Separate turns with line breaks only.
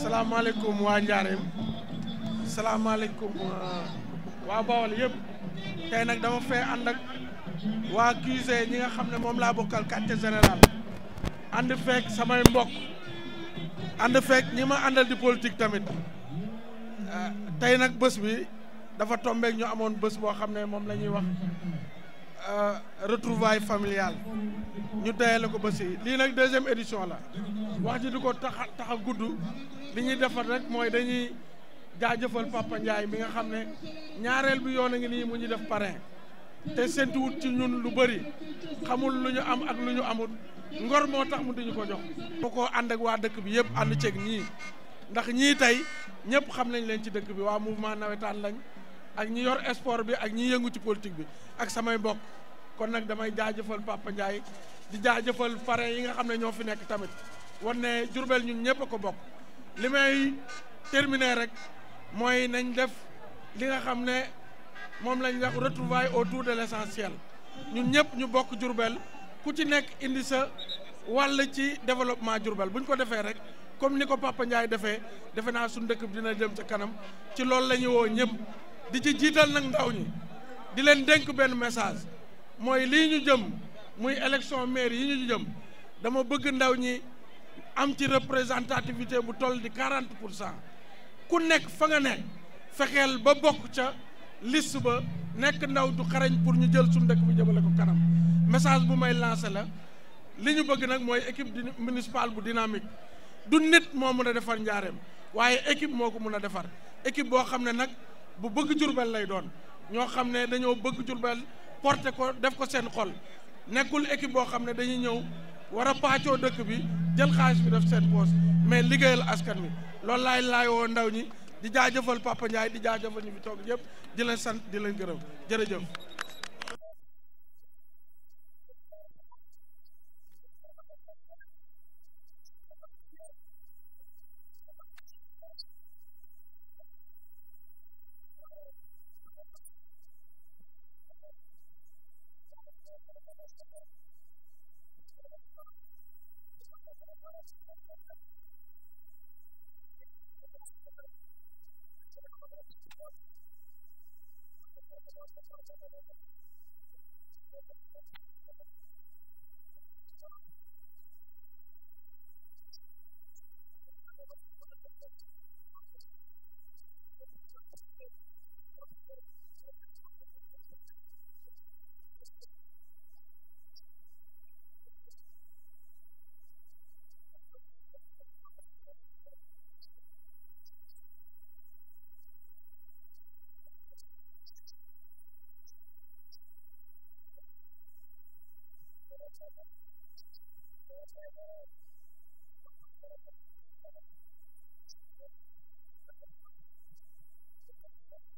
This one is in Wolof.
salaamaaleykum waa Njaareem salaamaaleykum uh, waa Bawol yëpp tey nag dama fee ànd ak waa QG ñi nga xam ne moom laa bokkal quartier général ànd feek samay mbokk ànd feek ñi ma àndal di politique tamit uh, tey nag bés bi dafa tombeek ñu amoon bës boo xam ne moom la ñuy wax uh, retrouvailles familiales ñu teyale ko bés yi lii nag deuxième édition la wax ji du ko tax tax a gudd li ñuy defar rek mooy dañuy jaajëfal Papa Ndiaye mi nga xam ne ñaareel bi yoon a ngi nii mu ñu def parrain te séntuwut ci ñun lu bëri xamul lu ñu am ak lu ñu amul ngor moo tax mu duñu ko jox. boo ko ànd waa dëkk bi yëpp ànd ceeg nii ndax ñii tey ñëpp xam nañ leen ci dëkk bi waa mouvement nawetaan lañ ak ñi yor sport bi ak ñi yëngu ci politique bi ak samay mbokk kon nag damay jaajëfal Papa Ndiaye di jaajëfal parrain yi nga xam ne ñoo fi nekk tamit. wan ne Jurbel ñun ñëpp a ko bokk li may terminer rek mooy nañ def li nga xam ne moom lañ wax retrouvailles autour de l'essentiel ñun ñëpp ñu bokk Jurbel ku ci nekk indi sa wàll ci développement Jurbel bu ñu ko defee rek comme ni ko Papa Ndiaye defee defe naa suñu dëkk bi dina jëm ca kanam ci loolu la ñu woo ñëpp di ci jiital nag ndaw ñi di leen dénk benn message mooy lii ñu jëm muy élection maire yi ñu jëm dama bëgg ndaw ñi am ci représentativité bu toll di quarante pour cent ku nekk fa nga ne fexeel ba bokk ca liste ba nekk ndaw du xarañ pour ñu jël suñu dëkk bi jëmale ko kanam message bu may lancé la li ñu bëgg nag mooy équipe municipale bu dynamique du nit moo mën a defar njaareem waaye équipe moo ko mun a defar équipe boo xam ne nag bu bëgg jurbel lay doon ñoo xam ne dañoo bëgg jurbel porter ko def ko seen xol nekkul équipe boo xam ne dañuy ñëw war a dëkk bi jël xaalis bi def seen poos mais liggéeyal askan wi loolu laay laayoo ndaw ñi di jaajëfal Papa Ndiaye di jaa jaajëfal ñu bi toog yëpp di leen sant di leen gërëm jërëjëf
Thank you. Thank you.